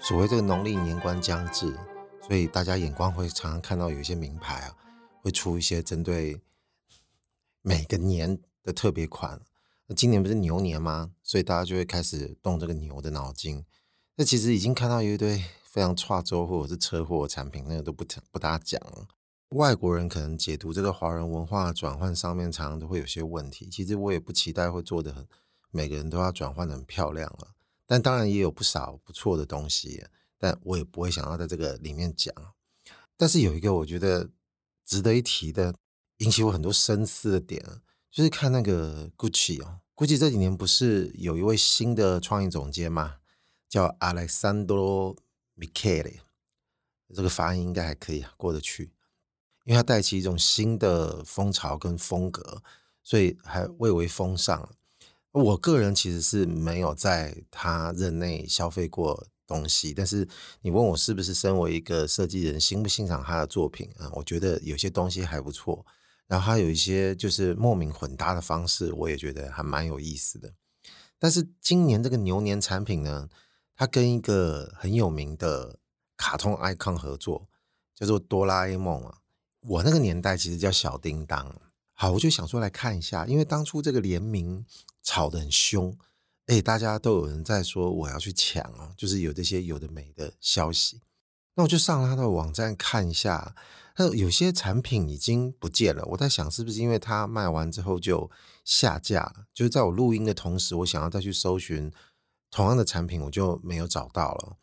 所謂這個農曆年關將至，所以大家眼光會常常看到有一些名牌啊，會出一些針對每個年的特別款。今年不是牛年嗎？所以大家就會開始動這個牛的腦筋。那其實已經看到一堆非常差州或者是車禍產品，那個都不講不大講。外國人可能解讀這個華人文化轉換上面，常常都會有些問題。其實我也不期待會做的很，每個人都要轉換的很漂亮了。但當然也有不少不錯的東西，但我也不會想要在這個裡面講。但是有一個我覺得值得一提的，引起我很多深思的點。就是看那個 Gucci 哦，Gucci 這幾年不是有一位新的創意總監嘛，叫 Alessandro Michele，這個發音應該還可以過得去，因為他帶起一種新的風潮跟風格，所以還蔚為風尚。我個人其實是沒有在他任內消費過東西，但是你問我是不是身為一個設計人欣不欣賞他的作品啊？我覺得有些東西還不錯。然後它有一些就是莫名混搭的方式，我也覺得還蠻有意思的。但是今年這個牛年產品呢，它跟一個很有名的卡通 icon 合作，叫做哆啦 A 夢啊。我那個年代其實叫小叮噹。好，我就想說來看一下，因為當初這個聯名炒得很兇，哎，大家都有人在說我要去搶啊，就是有這些有的沒的消息。那我就上了他的網站看一下。那有些產品已經不見了，我在想是不是因為它賣完之後就下架了。就是在我錄音的同時，我想要再去搜尋同樣的產品，我就沒有找到了。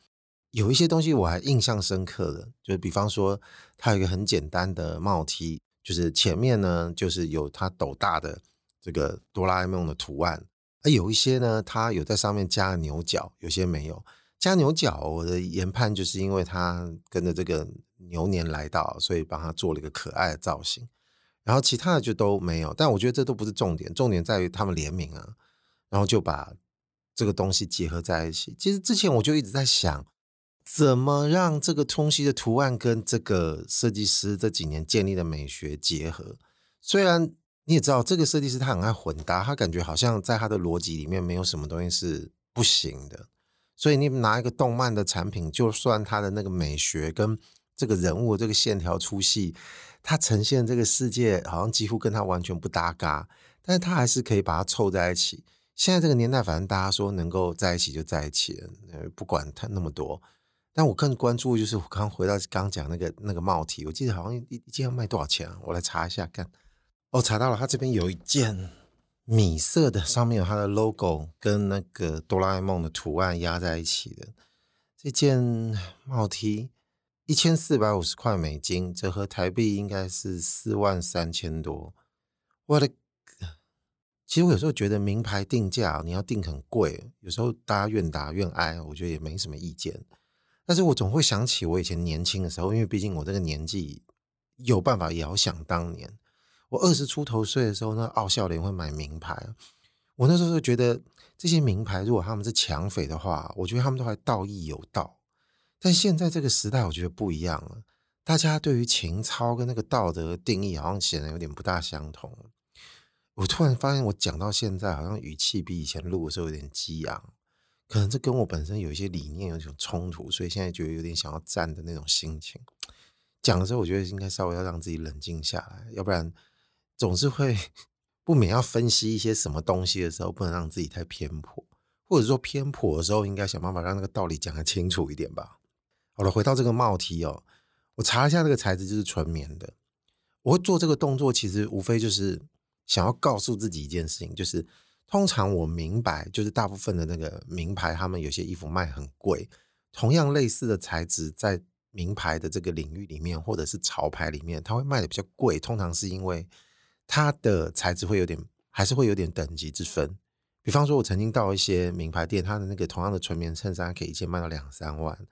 有一些東西我還印象深刻的，就是比方說它有一個很簡單的帽 T，就是前面呢就是有它斗大的這個哆啦 A 夢的圖案。而有一些呢，它有在上面加牛角，有些沒有加牛角。我的研判就是因為它跟着這個。牛年來到，所以幫他做了一個可愛的造型，然後其他的就都沒有。但我覺得這都不是重點，重點在於他們聯名啊，然後就把這個東西結合在一起。其實之前我就一直在想，怎麼讓這個東西的圖案跟這個設計師這幾年建立的美學結合。雖然你也知道，這個設計師他很愛混搭，他感覺好像在他的邏輯裡面沒有什麼東西是不行的。所以你拿一個動漫的產品，就算他的那個美學跟這個人物這個線條粗細，它呈現這個世界好像幾乎跟它完全不搭嘎，但是它還是可以把它湊在一起。現在這個年代，反正大家說能夠在一起就在一起了，呃，不管他那麼多。但我更關注就是我剛回到剛講那個那個帽 T，我記得好像一,一件要賣多少錢啊？我來查一下看，看哦，查到了，它這邊有一件米色的，上面有它的 logo 跟那個哆啦 A 夢的圖案壓在一起的這件帽 T。一千四百五十塊美金，折合台幣應該是四萬三千多。我的，其實我有時候覺得名牌定價你要定很貴，有時候大家願打願挨，我覺得也沒什麼意見。但是我總會想起我以前年輕的時候，因為畢竟我這個年紀有辦法遙想當年，我二十出頭歲的時候，那奧孝聯會買名牌，我那時候就覺得這些名牌如果他們是搶匪的話，我覺得他們都還盜亦有道。但現在這個時代，我覺得不一樣了。大家對於情操跟那個道德的定義，好像顯得有點不大相同。我突然發現，我講到現在，好像語氣比以前錄的時候有點激昂，可能這跟我本身有一些理念有一種衝突，所以現在覺得有點想要戰的那種心情。講的時候，我覺得應該稍微要讓自己冷靜下來，要不然總是會不免要分析一些什麼東西的時候，不能讓自己太偏頗，或者說偏頗的時候，應該想辦法讓那個道理講得清楚一點吧。好了，回到這個帽 T 哦，我查一下這個材質就是純棉的。我會做這個動作，其實無非就是想要告訴自己一件事情，就是通常我明白，就是大部分的那個名牌，他們有些衣服賣很貴。同樣類似的材質，在名牌的這個領域裡面，或者是潮牌裡面，它會賣得比較貴。通常是因為它的材質會有點，還是會有點等級之分。比方說，我曾經到一些名牌店，它的那個同樣的純棉襯衫，可以一件賣到兩三萬。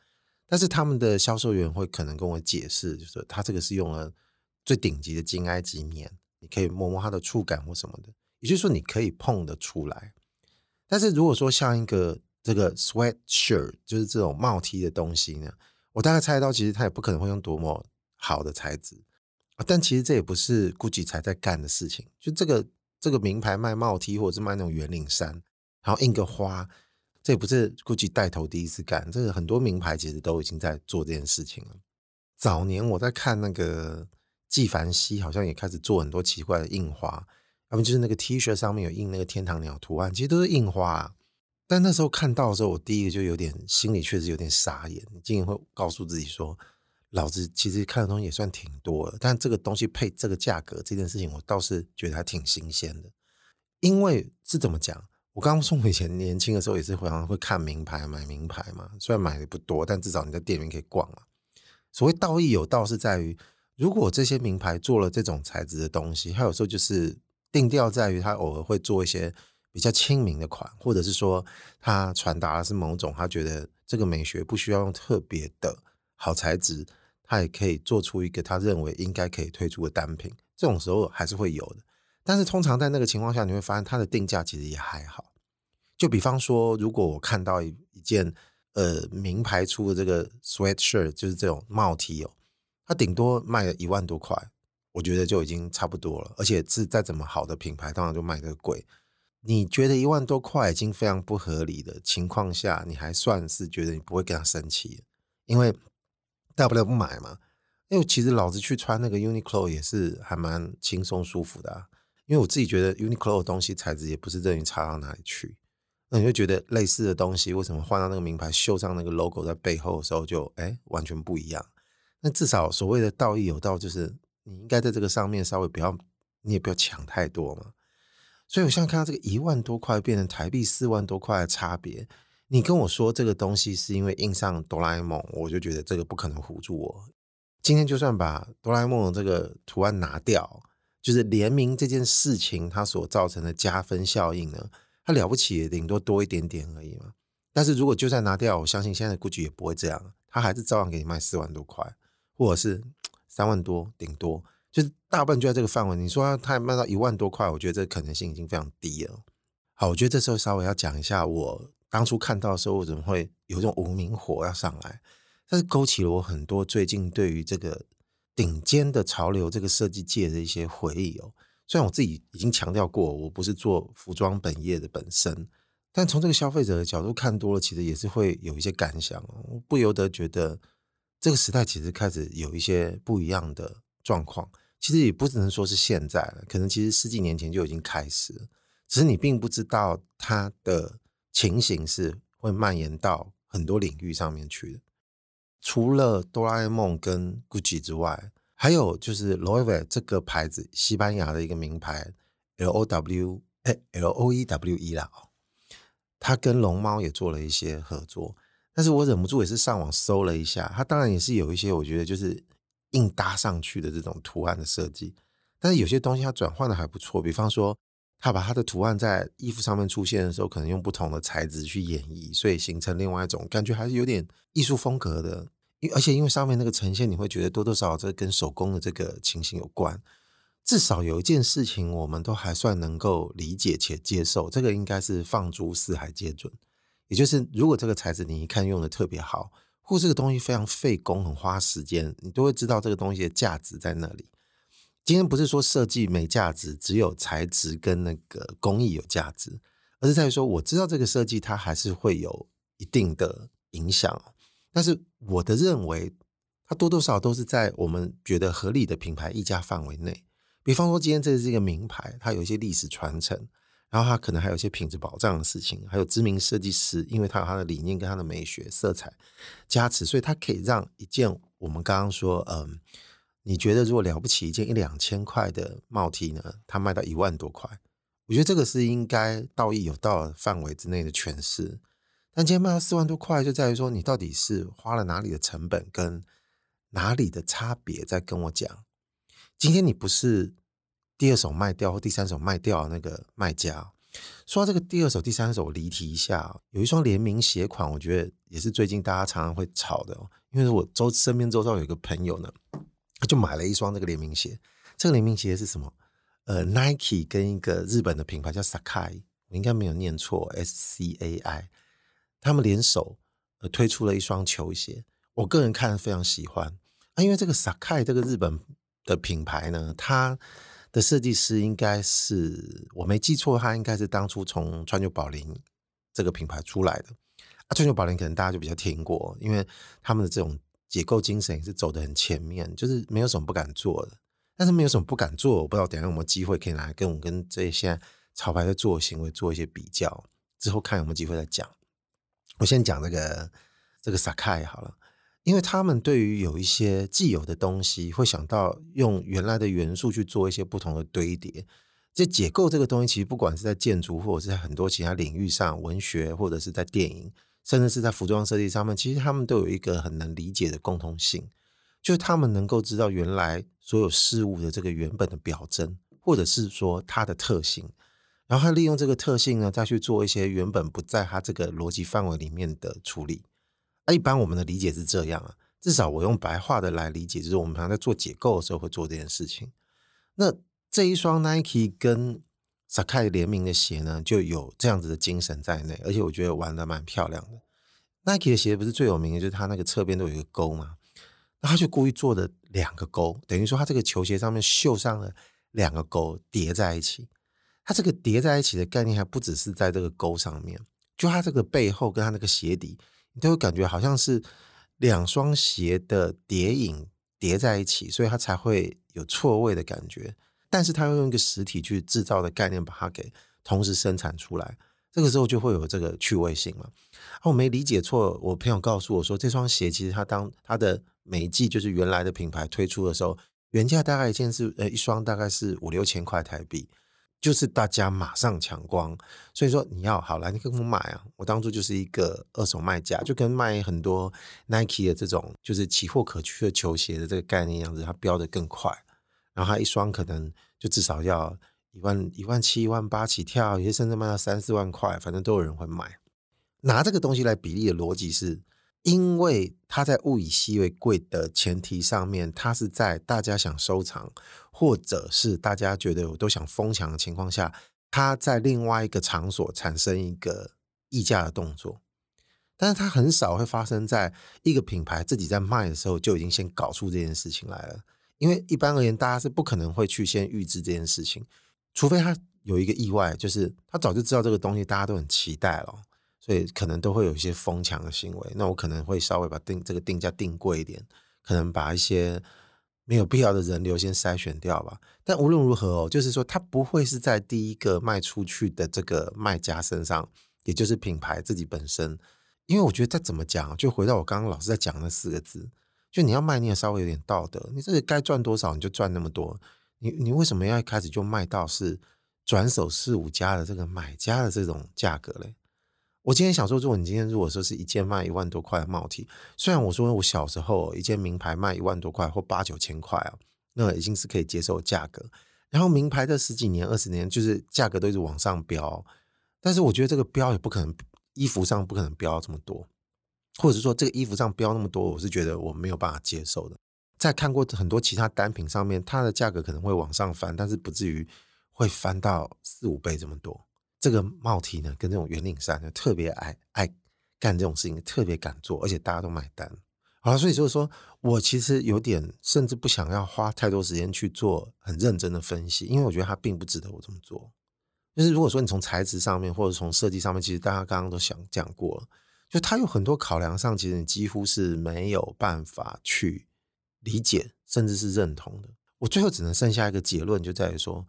但是他們的銷售員會可能跟我解釋，就是他這個是用了最頂級的金埃及棉，你可以摸摸它的觸感或什麼的，也就是說你可以碰得出來。但是如果說像一個這個 sweatshirt，就是這種帽 T 的東西呢，我大概猜到其實他也不可能會用多麼好的材質。啊，但其實這也不是 Gucci 才在幹的事情，就這個這個名牌賣帽 T 或者是賣那種圓領衫，然後印個花。這也不是 GUCCI 帶頭第一次幹，這個很多名牌其實都已經在做這件事情了。早年我在看那個紀梵希，好像也開始做很多奇怪的印花，要麼就是那個 T 恤上面有印那個天堂鳥圖案，其實都是印花啊。但那時候看到的時候，我第一個就有點心裡確實有點傻眼，竟然會告訴自己說，老子其實看的東西也算挺多的，但這個東西配這個價格這件事情，我倒是覺得還挺新鮮的，因為是怎麼講？我剛剛說，以前年輕的時候也是會常會看名牌買名牌嘛，雖然買的不多，但至少你在店裡面可以逛嘛。所謂盜亦有道，是在於如果這些名牌做了這種材質的東西，它有時候就是定調在於它偶爾會做一些比較親民的款，或者是說它傳達的是某種，他覺得這個美學不需要用特別的好材質，它也可以做出一個他認為應該可以推出的單品。這種時候還是會有的。但是通常在那個情況下，你會發現它的定價其實也還好。就比方說，如果我看到一一件呃名牌出的這個 sweatshirt，就是這種帽 T 哦，它頂多賣一萬多塊，我覺得就已經差不多了。而且是再怎麼好的品牌，當然就賣個貴。你覺得一萬多塊已經非常不合理的情況下，你還算是覺得你不會跟他生氣，因為大不了不買嘛。因為其實老子去穿那個 Uniqlo 也是還蠻輕鬆舒服的，啊。因為我自己覺得 UNIQLO 的東西材質也不是任意差到哪裡去，那你就覺得類似的東西為什麼換到那個名牌繡上那個 logo 在背後的時候就哎完全不一樣？那至少所謂的道義有道，就是你應該在這個上面稍微不要，你也不要搶太多嘛。所以我現在看到這個一萬多塊變成台幣四萬多塊的差別，你跟我說這個東西是因為印上哆啦 A 夢，我就覺得這個不可能唬住我。今天就算把哆啦 A 夢這個圖案拿掉。就是聯名這件事情，它所造成的加分效應呢，它了不起，頂多多一點點而已嘛。但是如果就算拿掉，我相信現在的 GUCCI 也不會這樣，它還是照樣給你賣四萬多塊，或者是三萬多,頂多，頂多就是大半就在這個範圍。你說它賣到一萬多塊，我覺得這個可能性已經非常低了。好，我覺得這時候稍微要講一下，我當初看到的時候，我怎麼會有一種無名火要上來？但是勾起了我很多最近對於這個。頂尖的潮流，這個設計界的一些回憶哦。雖然我自己已經強調過，我不是做服裝本業的本身，但從這個消費者的角度看多了，其實也是會有一些感想哦。我不由得覺得這個時代其實開始有一些不一樣的狀況。其實也不只能說是現在了，可能其實十幾年前就已經開始，只是你並不知道它的情形是會蔓延到很多領域上面去的。除了哆啦 A 夢跟 GUCCI 之外，還有就是 Loewe 這個牌子，西班牙的一個名牌，L O W 哎、欸、L O E W E 啦，喔、它跟龍貓也做了一些合作，但是我忍不住也是上網搜了一下，它當然也是有一些我覺得就是硬搭上去的這種圖案的設計，但是有些東西它轉換的還不錯，比方說它把它的圖案在衣服上面出現的時候，可能用不同的材質去演繹，所以形成另外一種感覺，還是有點藝術風格的。而且因為上面那個呈現，你會覺得多多少少這跟手工的這個情形有關。至少有一件事情，我們都還算能夠理解且接受。這個應該是放諸四海皆準，也就是如果這個材質你一看用得特別好，或是這個東西非常費工、很花時間，你都會知道這個東西的價值在那裡。今天不是說設計沒價值，只有材質跟那個工藝有價值，而是在於說我知道這個設計它還是會有一定的影響。但是我的認為，它多多少少都是在我們覺得合理的品牌溢價範圍內。比方說，今天這是一個名牌，它有一些歷史傳承，然後它可能還有一些品質保障的事情，還有知名設計師，因為它有它的理念跟它的美學色彩加持，所以它可以讓一件我們剛剛說，嗯，你覺得如果了不起一件一兩千塊的帽 T 呢，它賣到一萬多塊，我覺得這個是應該盜亦有道範圍之內的詮釋。但今天賣了四萬多塊，就在於說你到底是花了哪裡的成本，跟哪裡的差別，在跟我講。今天你不是第二手賣掉或第三手賣掉那個賣家。說到這個第二手、第三手，我離題一下。有一雙聯名鞋款，我覺得也是最近大家常常會炒的。因為我周身邊周遭有一個朋友呢，他就買了一雙這個聯名鞋。這個聯名鞋是什麼？呃，Nike 跟一個日本的品牌叫 sacai，我應該沒有念錯，S C A I。他們聯手推出了一雙球鞋，我個人看非常喜歡啊！因為這個 sacai 這個日本的品牌呢，它的設計師應該是我沒記錯，他應該是當初從川久保玲這個品牌出來的啊。川久保玲可能大家就比較聽過，因為他們的這種解構精神也是走得很前面，就是沒有什麼不敢做的。但是沒有什麼不敢做，我不知道等下有沒有機會可以拿來跟我們跟這些潮牌的做的行為做一些比較，之後看有沒有機會再講。我先講這個這個 sacai 好了，因為他們對於有一些既有的東西，會想到用原來的元素去做一些不同的堆疊。這解構這個東西，其實不管是在建築，或者是在很多其他領域上，文學，或者是在電影，甚至是在服裝設計上面，其實他們都有一個很難理解的共同性，就是他們能夠知道原來所有事物的這個原本的表徵，或者是說它的特性。然後他利用這個特性呢，再去做一些原本不在他這個邏輯範圍裡面的處理。一般我們的理解是這樣啊，至少我用白話的來理解，就是我們常在做解構的時候會做這件事情。那這一雙 Nike 跟 sacai 聯名的鞋呢，就有這樣子的精神在內，而且我覺得玩的蠻漂亮的。Nike 的鞋不是最有名的，就是它那個側邊都有一個勾嘛，那他就故意做的兩個勾，等於說他這個球鞋上面繡上了兩個勾疊在一起。它這個疊在一起的概念，還不只是在這個勾上面，就它這個背後跟它那個鞋底，你都會感覺好像是兩雙鞋的疊影疊在一起，所以它才會有錯位的感覺。但是它要用一個實體去製造的概念把它給同時生產出來，這個時候就會有這個趣味性了。啊，我沒理解錯，我朋友告訴我說，這雙鞋其實它當它的每季就是原來的品牌推出的時候，原價大概一件是呃一雙大概是五六千塊台幣。就是大家馬上搶光，所以說你要好來，你跟我買啊！我當初就是一個二手賣家，就跟賣很多 Nike 的這種就是奇貨可居的球鞋的這個概念樣子，它標得更快，然後它一雙可能就至少要一萬一萬七一萬八起跳，有些甚至賣到三四萬塊，反正都有人會買。拿這個東西來比例的邏輯是，因為它在物以稀為貴的前提上面，它是在大家想收藏，或者是大家覺得我都想瘋搶的情況下，它在另外一個場所產生一個溢價的動作。但是它很少會發生在一個品牌自己在賣的時候就已經先搞出這件事情來了，因為一般而言，大家是不可能會去先預知這件事情，除非它有一個意外，就是他早就知道這個東西，大家都很期待了。所以可能都會有一些瘋搶的行為，那我可能會稍微把定這個定價定貴一點，可能把一些沒有必要的人流先篩選掉吧。但無論如何哦，就是說它不會是在第一個賣出去的這個賣家身上，也就是品牌自己本身。因為我覺得再怎麼講，就回到我剛剛老是在講那四個字，就你要賣你也稍微有點道德，你這個該賺多少你就賺那麼多，你你為什麼要一開始就賣到是轉手四五家的這個買家的這種價格嘞？我今天想說，如果你今天如果說是一件賣一萬多塊的帽 T，雖然我說我小時候一件名牌賣一萬多塊或八九千塊啊，那已經是可以接受的價格。然後名牌這十幾年、二十年，就是價格都一直往上飆，但是我覺得這個飆也不可能，衣服上不可能飆這麼多，或者是說這個衣服上飆那麼多，我是覺得我沒有辦法接受的。在看過很多其他單品上面，它的價格可能會往上翻，但是不至於會翻到四五倍這麼多。這個帽 T 呢，跟這種圓領衫呢，特別愛愛幹這種事情，特別敢做，而且大家都買單。好了，所以就是說，我其實有點甚至不想要花太多時間去做很認真的分析，因為我覺得它並不值得我這麼做。就是如果說你從材質上面或者從設計上面，其實大家剛剛都想講過，就它有很多考量上，其實你幾乎是沒有辦法去理解，甚至是認同的。我最後只能剩下一個結論，就在於說，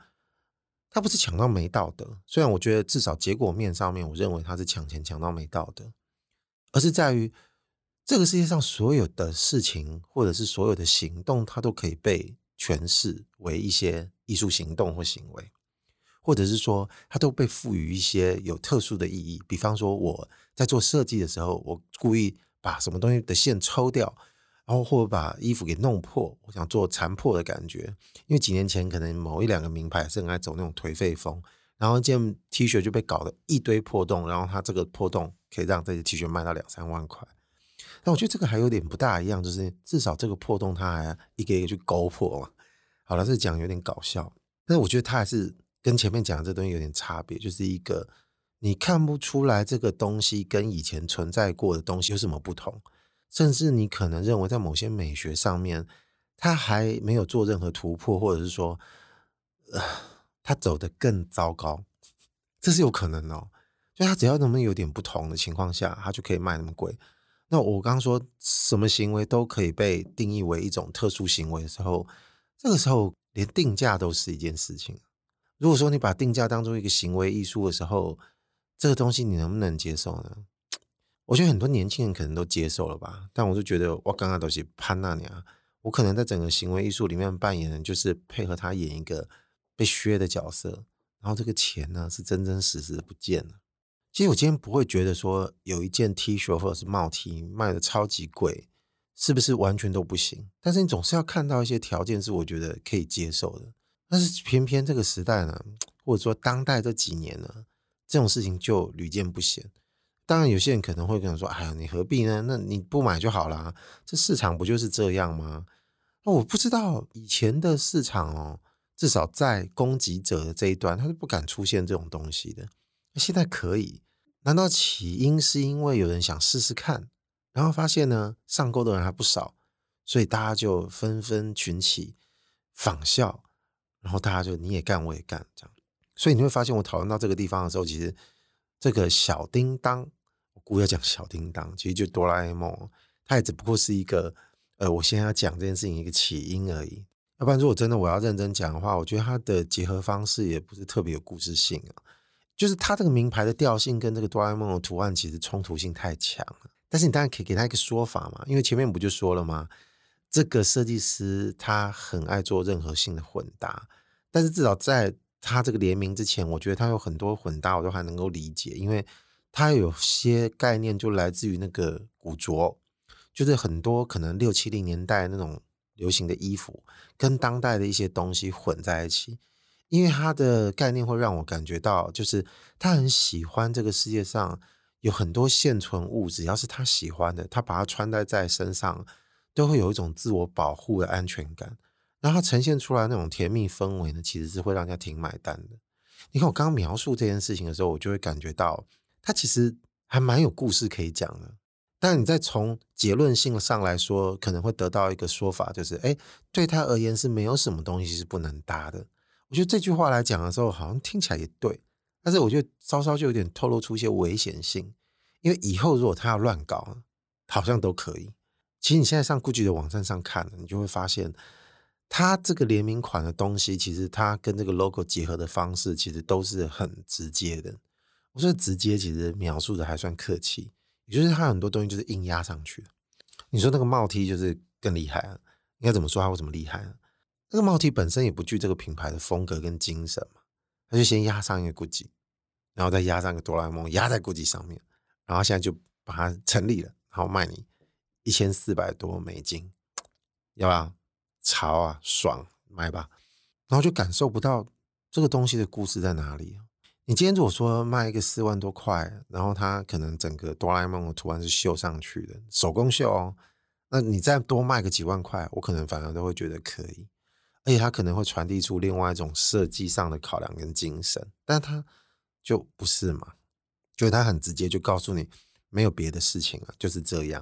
他不是搶到沒道德，雖然我覺得至少結果面上面，我認為他是搶錢搶到沒道德，而是在於這個世界上所有的事情，或者是所有的行動，它都可以被詮釋為一些藝術行動或行為，或者是說它都被賦予一些有特殊的意義。比方說我在做設計的時候，我故意把什麼東西的線抽掉。然後或者把衣服給弄破，我想做殘破的感覺，因為幾年前可能某一兩個名牌是很愛走那種頹廢風，然後一件 T 恤就被搞得一堆破洞，然後它這個破洞可以讓這件 T 恤賣到兩三萬塊，但我覺得這個還有點不大一樣，就是至少這個破洞它還一個一個，一個去勾破嘛。好了，這講有點搞笑，但是我覺得它還是跟前面講的這東西有點差別，就是一個你看不出來這個東西跟以前存在過的東西有什麼不同。甚至你可能認為在某些美學上面，他還沒有做任何突破，或者是說，呃，他走得更糟糕，這是有可能哦。就他只要能有點不同的情況下，他就可以賣那麼貴。那我剛剛說什麼行為都可以被定義為一種特殊行為的時候，這個時候連定價都是一件事情。如果說你把定價當做一個行為藝術的時候，這個東西你能不能接受呢？我覺得很多年輕人可能都接受了吧，但我就覺得我剛剛都是潘娜啊，我可能在整個行為藝術裡面扮演的就是配合他演一個被削的角色，然後這個錢呢是真真實實的不見了。其實我今天不會覺得說有一件 T 恤或者是帽 T 賣得超級貴，是不是完全都不行？但是你總是要看到一些條件是我覺得可以接受的，但是偏偏這個時代呢，或者說當代這幾年呢，這種事情就屢見不鮮。當然，有些人可能會跟人說：“哎呀，你何必呢？那你不買就好了。這市場不就是這樣嗎？”哦，我不知道以前的市場哦，至少在供給者的這一端，他是不敢出現這種東西的。現在可以？難道起因是因為有人想試試看，然後發現呢上鈎的人還不少，所以大家就紛紛群起仿效，然後大家就你也幹我也幹這樣。所以你會發現，我討論到這個地方的時候，其實這個小叮當。故要講小叮當，其實就是哆啦 A 夢，它也只不過是一個，呃，我現在要講這件事情一個起因而已。要不然，如果真的我要認真講的話，我覺得它的結合方式也不是特別有故事性啊。就是它這個名牌的調性跟這個哆啦 A 夢的圖案其實衝突性太強了。但是你當然可以給他一個說法嘛，因為前面不就說了嗎？這個設計師他很愛做任何性的混搭，但是至少在他這個聯名之前，我覺得他有很多混搭我都還能夠理解，因為。它有些概念就來自於那個古着，就是很多可能六七零年代那種流行的衣服，跟當代的一些東西混在一起。因為它的概念會讓我感覺到，就是他很喜歡這個世界上有很多現存物質，要是他喜歡的，他把它穿戴在身上，都會有一種自我保護的安全感。然後它呈現出來那種甜蜜氛圍呢，其實是會讓人家挺買單的。你看我剛剛描述這件事情的時候，我就會感覺到。他其實還蠻有故事可以講的，但你再從結論性上來說，可能會得到一個說法，就是哎，對他而言是沒有什麼東西是不能搭的。我覺得這句話來講的時候，好像聽起來也對，但是我覺得稍稍就有點透露出一些危險性，因為以後如果他要亂搞，好像都可以。其實你現在上 GUCCI 的網站上看，你就會發現，他這個聯名款的東西，其實他跟這個 logo 結合的方式，其實都是很直接的。我說直接，其實描述的還算客氣，也就是他很多東西就是硬壓上去，你說那個帽 T 就是更厲害啊？應該怎麼說它會怎麼厲害呢？那個帽 T 本身也不具這個品牌的風格跟精神嘛，他就先壓上一個 GUCCI 然後再壓上一個哆啦 A 夢，壓在 GUCCI 上面，然後現在就把它成立了，然後賣你一千四百多美金，要不要潮啊，爽買吧，然後就感受不到這個東西的故事在哪裡你今天如果說賣一個四萬多塊，然後它可能整個哆啦 A 夢的圖案是繡上去的，手工繡哦，那你再多賣個幾萬塊，我可能反而都會覺得可以，而且它可能會傳遞出另外一種設計上的考量跟精神，但它就不是嘛，就他它很直接就告訴你沒有別的事情了啊，就是這樣。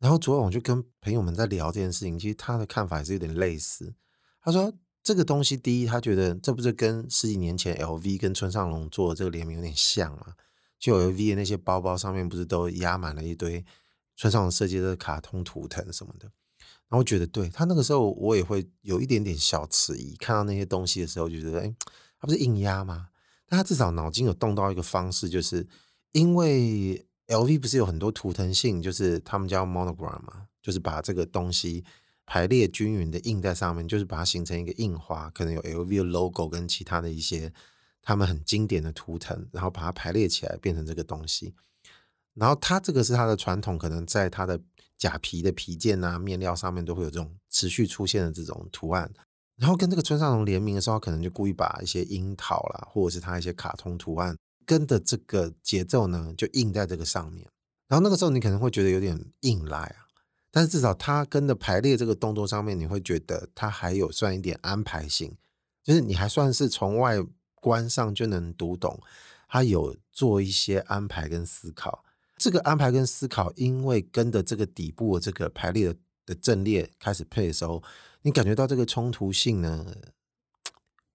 然後昨晚我就跟朋友們在聊這件事情，其實他的看法也是有點類似，他說。這個東西，第一，他覺得這不是跟十幾年前 LV 跟村上隆做的這個聯名有點像嗎？就 LV 的那些包包上面不是都壓滿了一堆村上隆設計的卡通圖騰什麼的？然後我覺得對，對他那個時候，我也會有一點點小遲疑，看到那些東西的時候，就覺得，哎，他不是硬壓嗎？但他至少腦筋有動到一個方式，就是因為 LV 不是有很多圖騰性，就是他們叫 monogram 嘛，就是把這個東西。排列均勻的印在上面，就是把它形成一個印花，可能有 LV 的 logo 跟其他的一些他們很經典的圖騰，然後把它排列起來變成這個東西。然後它這個是它的傳統，可能在它的假皮的皮件啊、面料上面都會有這種持續出現的這種圖案。然後跟這個村上隆聯名的時候，可能就故意把一些櫻桃啦，或者是它一些卡通圖案，跟着這個節奏呢，就印在這個上面。然後那個時候你可能會覺得有點硬來啊。但是至少它跟著排列這個動作上面，你會覺得它還有算一點安排性，就是你還算是從外觀上就能讀懂它有做一些安排跟思考。這個安排跟思考，因為跟著這個底部的這個排列的的陣列開始配的時候，你感覺到這個衝突性呢，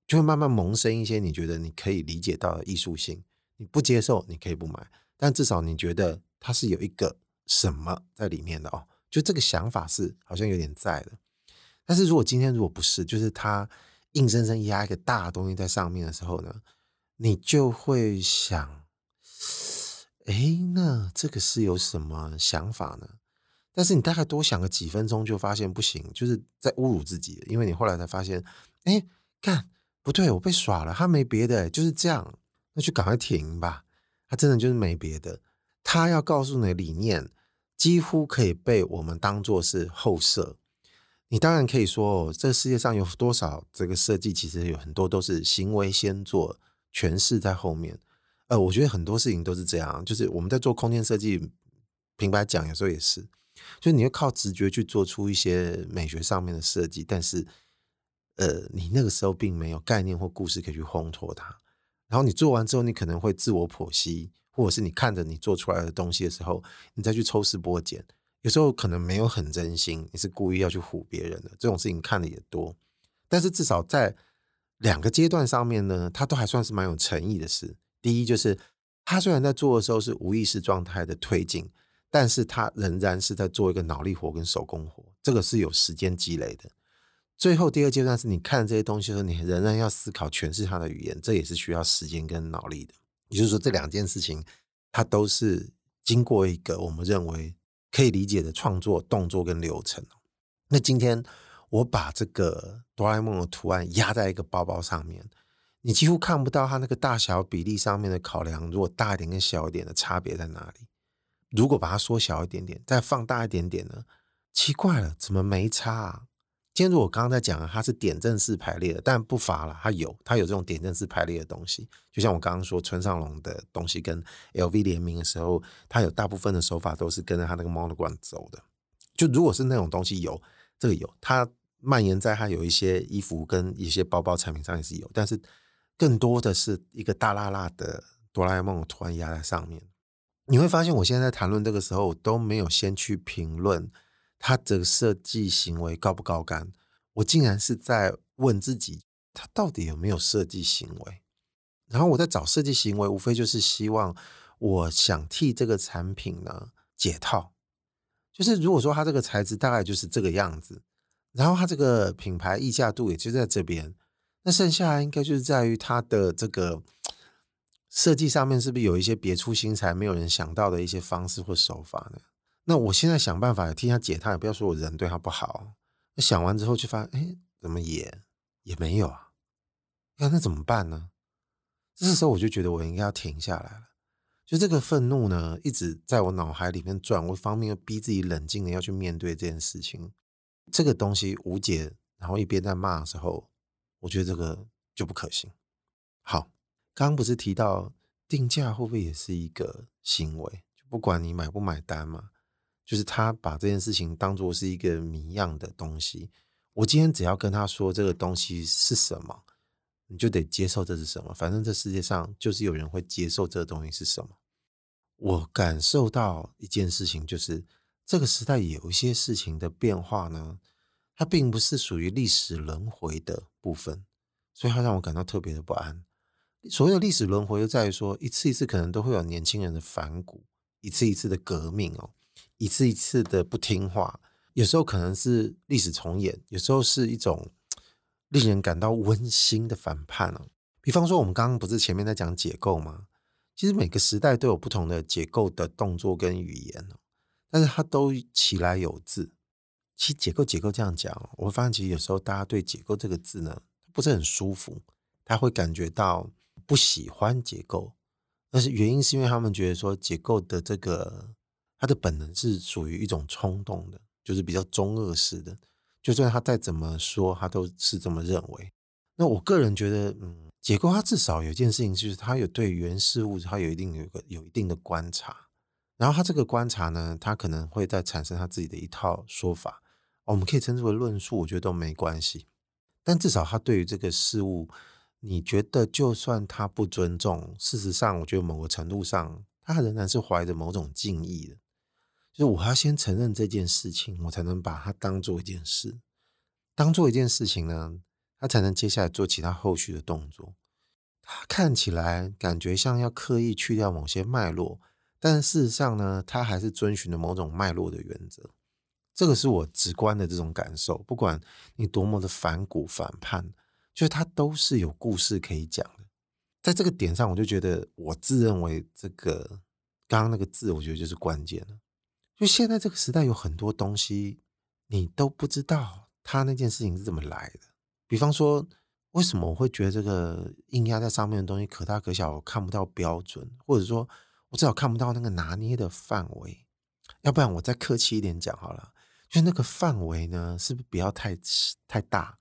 就會慢慢萌生一些你覺得你可以理解到的藝術性。你不接受，你可以不買，但至少你覺得它是有一個什麼在裡面的哦。就這個想法是好像有點在的，但是如果今天如果不是，就是他硬生生壓一個大東西在上面的時候呢，你就會想，哎、欸，那這個是有什麼想法呢？但是你大概多想個幾分鐘，就發現不行，就是在侮辱自己，因為你後來才發現，哎、欸，看不對，我被耍了，他沒別的、欸，就是這樣，那就趕快停吧，他真的就是沒別的，他要告訴你的理念。幾乎可以被我們當作是後設。你當然可以說，這個世界上有多少這個設計，其實有很多都是行為先做，詮釋在後面。呃，我覺得很多事情都是這樣，就是我們在做空間設計，平白講有時候也是，就是你要靠直覺去做出一些美學上面的設計，但是，呃，你那個時候並沒有概念或故事可以去烘托它。然後你做完之後，你可能會自我剖析。或者是你看着你做出來的東西的時候，你再去抽絲剝繭，有時候可能沒有很真心，你是故意要去唬別人的，這種事情看的也多，但是至少在兩個階段上面呢，他都還算是蠻有誠意的事。第一就是他雖然在做的時候是無意識狀態的推進，但是他仍然是在做一個腦力活跟手工活，這個是有時間積累的。最後第二階段是你看這些東西的時候，你仍然要思考詮釋他的語言，這也是需要時間跟腦力的。也就是說，這兩件事情，它都是經過一個我們認為可以理解的創作動作跟流程。那今天我把這個哆啦 A 夢的圖案壓在一個包包上面，你幾乎看不到它那個大小比例上面的考量。如果大一點跟小一點的差別在哪裡？如果把它縮小一點點，再放大一點點呢？奇怪了，怎麼沒差啊？今天如果我剛才在講了，它是點陣式排列的，但不乏了，它有，它有這種點陣式排列的東西。就像我剛剛說，村上隆的東西跟 LV 聯名的時候，它有大部分的手法都是跟着它那個 Monogram 走的。就如果是那種東西有，這個有，它蔓延在它有一些衣服跟一些包包產品上也是有，但是更多的是一個大辣辣的哆啦 A 夢圖案壓在上面。你會發現，我現在在談論這個時候，我都沒有先去評論。它的設計行為高不高杆？我竟然是在問自己，它到底有沒有設計行為？然後我在找設計行為，無非就是希望，我想替這個產品呢解套。就是如果說它這個材質大概就是這個樣子，然後它這個品牌溢價度也就在這邊，那剩下應該就是在於它的這個設計上面，是不是有一些別出心裁、沒有人想到的一些方式或手法呢？那我現在想辦法來替他解他，也不要說我人對他不好。那想完之後，就發現，哎、欸，怎麼也也沒有啊？那、啊、那怎麼辦呢？這個時候我就覺得我應該要停下來了。就這個憤怒呢，一直在我腦海裡面轉。我一方面又逼自己冷靜的要去面對這件事情，這個東西無解。然後一邊在罵的時候，我覺得這個就不可行。好，剛剛不是提到定價會不會也是一個行為？就不管你買不買單嘛。就是他把這件事情當做是一個謎樣的東西。我今天只要跟他說這個東西是什麼，你就得接受這是什麼。反正這世界上就是有人會接受這個東西是什麼。我感受到一件事情，就是這個時代有一些事情的變化呢，它並不是屬於歷史輪回的部分，所以它讓我感到特別的不安。所謂的歷史輪回，就在於說一次一次可能都會有年輕人的反骨，一次一次的革命哦。一次一次的不聽話，有時候可能是歷史重演，有時候是一種令人感到溫馨的反叛哦。比方說，我們剛剛不是前面在講解構嗎？其實每個時代都有不同的解構的動作跟語言哦，但是它都其來有自。其實解構解構這樣講，我會發現，其實有時候大家對解構這個字呢，不是很舒服，他會感覺到不喜歡解構，但是原因是因為他們覺得說解構的這個。他的本能是屬於一種衝動的，就是比較中二式的。就算他再怎麼說，他都是這麼認為。那我個人覺得，嗯，解構他至少有一件事情，就是他有對原事物，他有一定、有個、有一定的觀察。然後他這個觀察呢，他可能會再產生他自己的一套說法。哦，我們可以稱之為論述，我覺得都沒關係。但至少他對於這個事物，你覺得就算他不尊重，事實上，我覺得某個程度上，他仍然是懷着某種敬意的。就是我要先承認這件事情，我才能把它當做一件事，當做一件事情呢，他才能接下來做其他後續的動作。他看起來感覺像要刻意去掉某些脈絡，但是事實上呢，他還是遵循的某種脈絡的原則。這個是我直觀的這種感受。不管你多麼的反骨反叛，就是他都是有故事可以講的。在這個點上，我就覺得我自認為這個剛剛那個字，我覺得就是關鍵了就現在這個時代，有很多東西你都不知道，他那件事情是怎麼來的。比方說，為什麼我會覺得這個硬壓在上面的東西可大可小，我看不到標準，或者說，我至少看不到那個拿捏的範圍。要不然，我再客氣一點講好了，就是那個範圍呢，是不是不要太太大？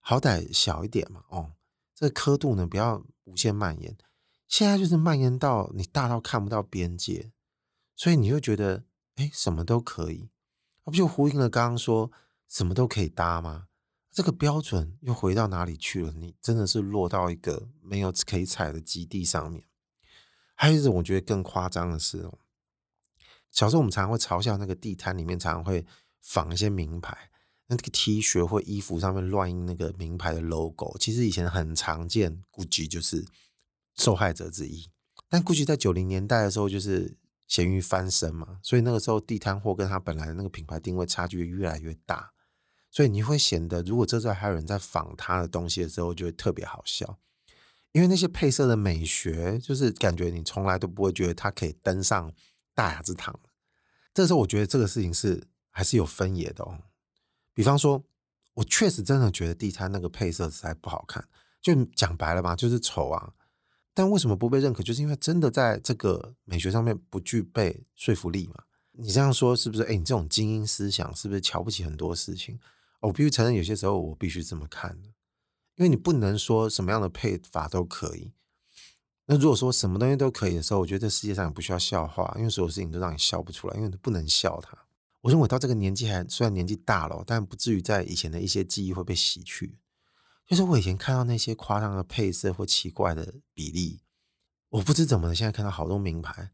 好歹小一點嘛，哦，這個刻度呢，不要無限蔓延。現在就是蔓延到你大到看不到邊界，所以你就覺得。哎，什麼都可以，啊，不就呼應了剛剛說什麼都可以搭嗎？這個標準又回到哪裡去了？你真的是落到一個沒有可以踩的基地上面。還有一種，我覺得更誇張的是，小時候我們常常會嘲笑那個地攤裡面常常會仿一些名牌，那這個 T 恤或衣服上面亂印那個名牌的 logo，其實以前很常見，估計就是受害者之一。但估計在九零年代的時候，就是。鹹魚翻身嘛，所以那個時候地攤貨跟他本來那個品牌定位差距越來越大，所以你會顯得，如果這時候還有人在仿他的東西的時候，就會特別好笑，因為那些配色的美學，就是感覺你從來都不會覺得它可以登上大雅之堂。這個時候我覺得這個事情是還是有分野的哦、喔。比方說，我確實真的覺得地攤那個配色實在不好看，就講白了吧，就是醜啊。但為什麼不被認可？就是因為真的在這個美學上面不具備說服力嘛？你這樣說是不是？哎、欸，你這種精英思想是不是瞧不起很多事情？我必須承認，有些時候我必須這麼看的，因為你不能說什麼樣的配法都可以。那如果說什麼東西都可以的時候，我覺得這世界上也不需要笑話，因為所有事情都讓你笑不出來，因為你不能笑它。我認為到這個年紀還雖然年紀大了，但不至於在以前的一些記憶會被洗去。就是我以前看到那些誇張的配色或奇怪的比例，我不知怎麼現在看到好多名牌，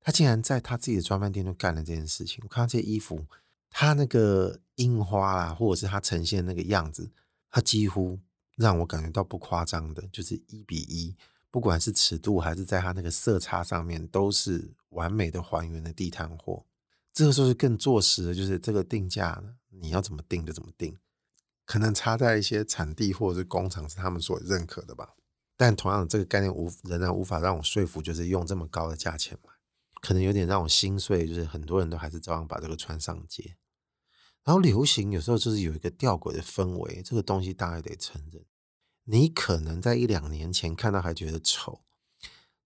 他竟然在他自己的專賣店就幹了這件事情。我看到這些衣服，他那個印花啦，或者是他呈現的那個樣子，他幾乎讓我感覺到不誇張的，就是一比一，不管是尺度還是在他那個色差上面，都是完美的還原的地攤貨。這個時候是更坐實的，就是這個定價，你要怎麼定就怎麼定。可能差在一些產地或者是工廠是他們所認可的吧，但同樣的這個概念無仍然無法讓我說服，就是用這麼高的價錢買，可能有點讓我心碎。就是很多人都還是照樣把這個穿上街，然後流行有時候就是有一個吊詭的氛圍，這個東西大家得承認，你可能在一兩年前看到還覺得醜，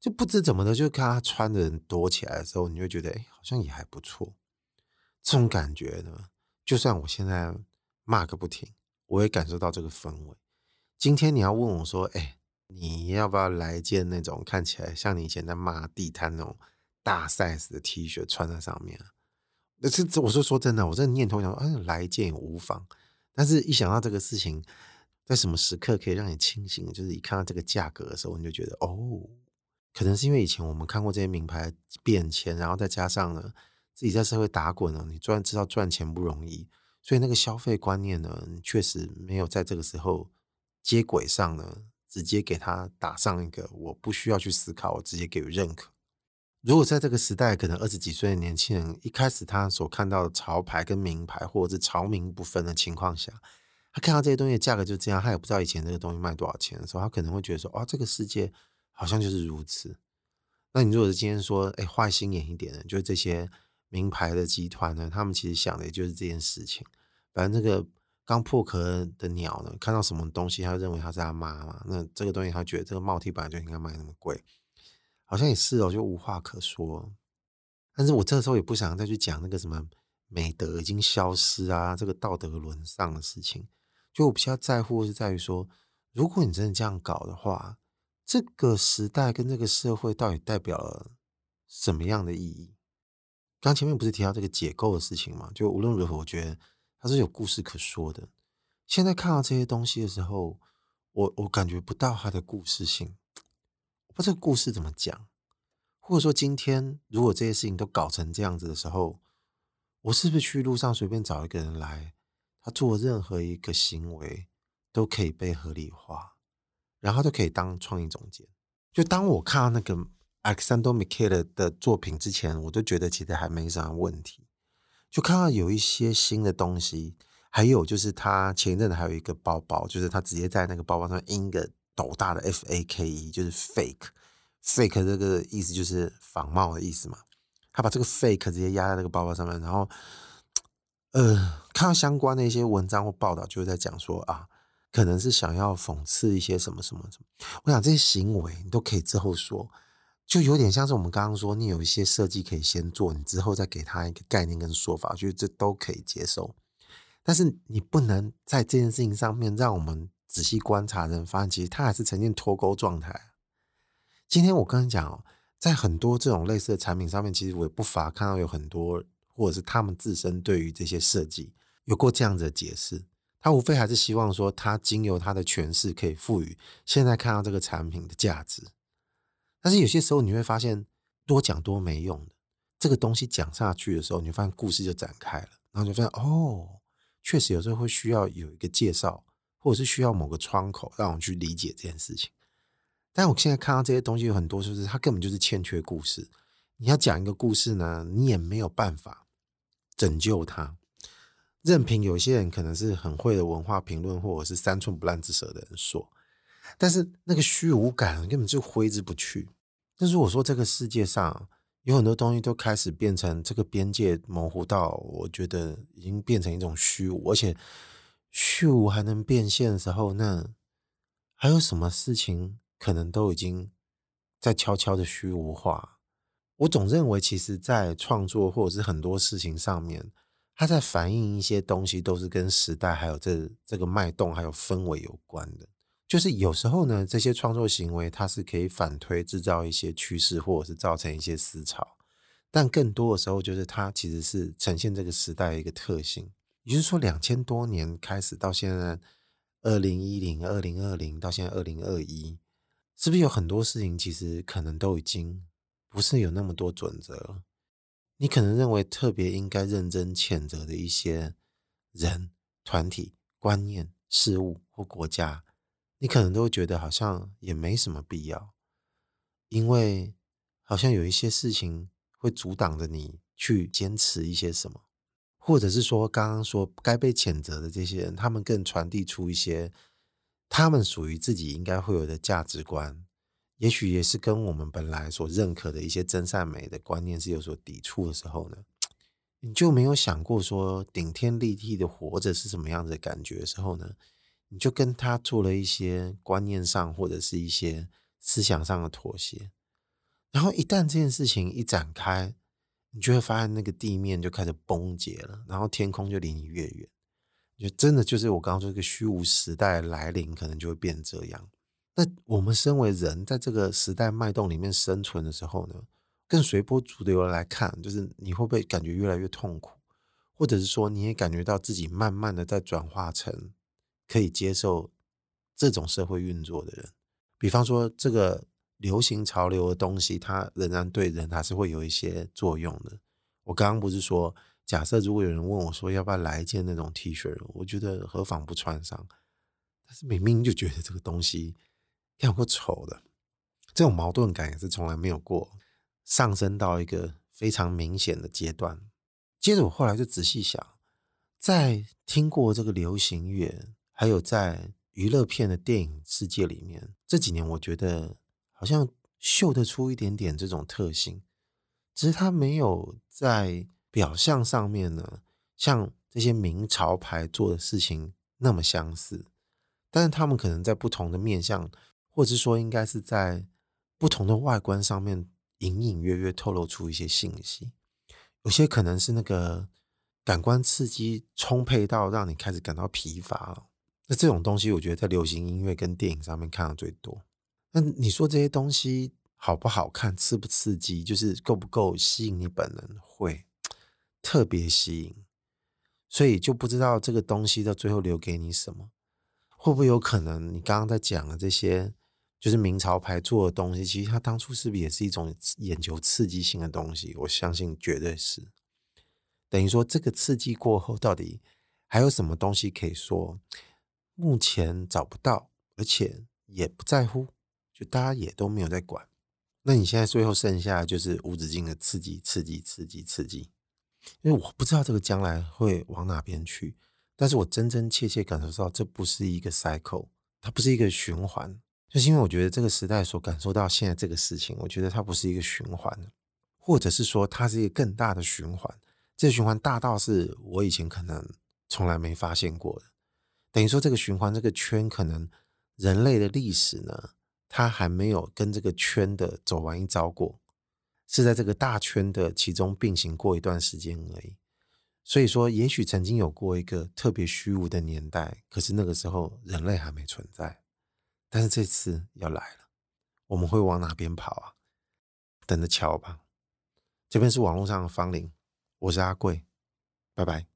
就不知怎麼的，就看他穿的人多起來的時候，你就會覺得，哎，欸，好像也還不錯。這種感覺呢，就算我現在罵個不停。我也感受到這個氛圍。今天你要問我說：“哎、欸，你要不要來件那種看起來像你以前在馬地攤那種大 size 的 T 恤穿在上面、啊？”是我說說真的，我真的念頭想說：“哎、啊，來一件也無妨。”但是一想到這個事情，在什麼時刻可以讓你清醒？就是一看到這個價格的時候，你就覺得哦，可能是因為以前我們看過這些名牌變遷，然後再加上呢，自己在社會打滾了，你然知道賺錢不容易。所以那個消費觀念呢，確實沒有在這個時候接軌上呢，直接給他打上一個我不需要去思考，我直接給予認可。如果在這個時代，可能二十幾歲的年輕人一開始他所看到的潮牌跟名牌或者是潮名不分的情況下，他看到這些東西的價格就這樣，他也不知道以前這個東西賣多少錢的時候，他可能會覺得說，哦，這個世界好像就是如此。那你如果是今天說，哎，壞心眼一點的，就是這些。名牌的集團呢，他們其實想的也就是這件事情。反正這個剛破殼的鳥呢，看到什麼東西，他就認為他是他媽嘛、啊。那這個東西，他覺得這個帽 T 本來就應該賣那麼貴，好像也是哦、喔，就無話可說。但是我這個時候也不想再去講那個什麼美德已經消失啊，這個道德淪喪的事情。就我比較在乎是在於說，如果你真的這樣搞的話，這個時代跟這個社會到底代表了什麼樣的意義？剛前面不是提到這個解構的事情嘛？就無論如何，我覺得他是有故事可說的。現在看到這些東西的時候，我我感覺不到他的故事性，不知道這個故事怎麼講？或者說，今天如果這些事情都搞成這樣子的時候，我是不是去路上隨便找一個人來，他做任何一個行為都可以被合理化，然後他就可以當創意總監？就當我看到那個。Alessandro Michele 的作品之前，我都覺得其實還沒什麼問題。就看到有一些新的東西，還有就是他前一陣子還有一個包包，就是他直接在那個包包上印個斗大的 F A K E，就是 fake，fake 這個意思就是仿冒的意思嘛。他把這個 fake 直接壓在那個包包上面，然後，呃，看到相關的一些文章或報道，就在講說啊，可能是想要諷刺一些什麼什麼什麼。我想這些行為你都可以之後說。就有點像是我們剛剛說，你有一些設計可以先做，你之後再給他一個概念跟說法，我覺得這都可以接受。但是你不能在這件事情上面讓我們仔細觀察，才發現其實他還是呈現脫鈎狀態。今天我跟你講哦，在很多這種類似的產品上面，其實我也不乏看到有很多，或者是他們自身對於這些設計有過這樣子的解釋。他無非還是希望說，他經由他的詮釋，可以賦予現在看到這個產品的價值。但是有些時候你會發現，多講多沒用的。這個東西講下去的時候，你發現故事就展開了，然後你就發現哦，確實有時候會需要有一個介紹，或者是需要某個窗口讓我去理解這件事情。但我現在看到這些東西有很多，就是它根本就是欠缺故事。你要講一個故事呢，你也沒有辦法拯救它。任憑有些人可能是很會的文化評論，或者是三寸不爛之舌的人說。但是那個虛無感根本就揮之不去。但是我說，這個世界上有很多東西都開始變成這個邊界模糊到，我覺得已經變成一種虛無，而且虛無還能變現的時候，那還有什麼事情可能都已經在悄悄的虛無化？我總認為，其實，在創作或者是很多事情上面，它在反映一些東西，都是跟時代還有這這個脈動還有氛圍有關的。就是有時候呢，這些創作行為它是可以反推製造一些趨勢，或者是造成一些思潮，但更多的時候就是它其實是呈現這個時代的一個特性。也就是說，兩千多年開始到現在，二零一零、二零二零到現在二零二一，是不是有很多事情其實可能都已經不是有那麼多準則？你可能認為特別應該認真譴責的一些人、團體、觀念、事物或國家。你可能都會覺得好像也沒什麼必要，因為好像有一些事情會阻擋着你去堅持一些什麼，或者是說剛剛說該被譴責的這些人，他們更傳遞出一些他們屬於自己應該會有的價值觀，也許也是跟我們本來所認可的一些真善美的觀念是有所抵觸的時候呢，你就沒有想過說頂天立地的活着是什麼樣子的感覺的時候呢？你就跟他做了一些觀念上或者是一些思想上的妥協，然後一旦這件事情一展開，你就會發現那個地面就開始崩解了，然後天空就離你越遠，就真的就是我剛剛說這個虛無時代來臨，可能就會變這樣。那我們身為人，在這個時代脈動裡面生存的時候呢，更隨波逐流來看，就是你會不會感覺越來越痛苦，或者是說你也感覺到自己慢慢的在轉化成？可以接受這種社會運作的人，比方說這個流行潮流的東西，它仍然對人還是會有一些作用的。我剛剛不是說，假設如果有人問我說要不要來一件那種 T 恤，我覺得何妨不穿上。但是明明就覺得這個東西，要不醜的，這種矛盾感也是從來沒有過，上升到一個非常明顯的階段。接着我後來就仔細想，在聽過這個流行樂。還有在娛樂片的電影世界裡面，這幾年我覺得好像嗅得出一點點這種特性，只是它沒有在表象上面呢，像這些名潮牌做的事情那麼相似，但是他們可能在不同的面向，或者是說應該是在不同的外觀上面，隱隱約約透露出一些信息，有些可能是那個感官刺激充沛到讓你開始感到疲乏了。那這種東西，我覺得在流行音樂跟電影上面看的最多。那你說這些東西好不好看、刺不刺激，就是夠不夠吸引你本人，會特別吸引，所以就不知道這個東西到最後留給你什麼。會不會有可能你剛剛在講的這些，就是明朝牌做的東西，其實它當初是不是也是一種眼球刺激性的東西？我相信絕對是。等於說，這個刺激過後，到底還有什麼東西可以說？目前找不到，而且也不在乎，就大家也都沒有在管。那你現在最後剩下就是無止境的刺激、刺激、刺激、刺激，因為我不知道這個將來會往哪邊去。但是我真真切切感受到，這不是一個 cycle，它不是一個循環，就是因為我覺得這個時代所感受到現在這個事情，我覺得它不是一個循環，或者是說它是一個更大的循環，這個循環大到是我以前可能從來沒發現過的。等於說這個循環這個圈可能人類的歷史呢，它還沒有跟這個圈的走完一遭過，是在這個大圈的其中並行過一段時間而已。所以說，也許曾經有過一個特別虛無的年代，可是那個時候人類還沒存在。但是這次要來了，我們會往哪邊跑啊？等着瞧吧。這邊是網絡上的芳鄰，我是阿貴，拜拜。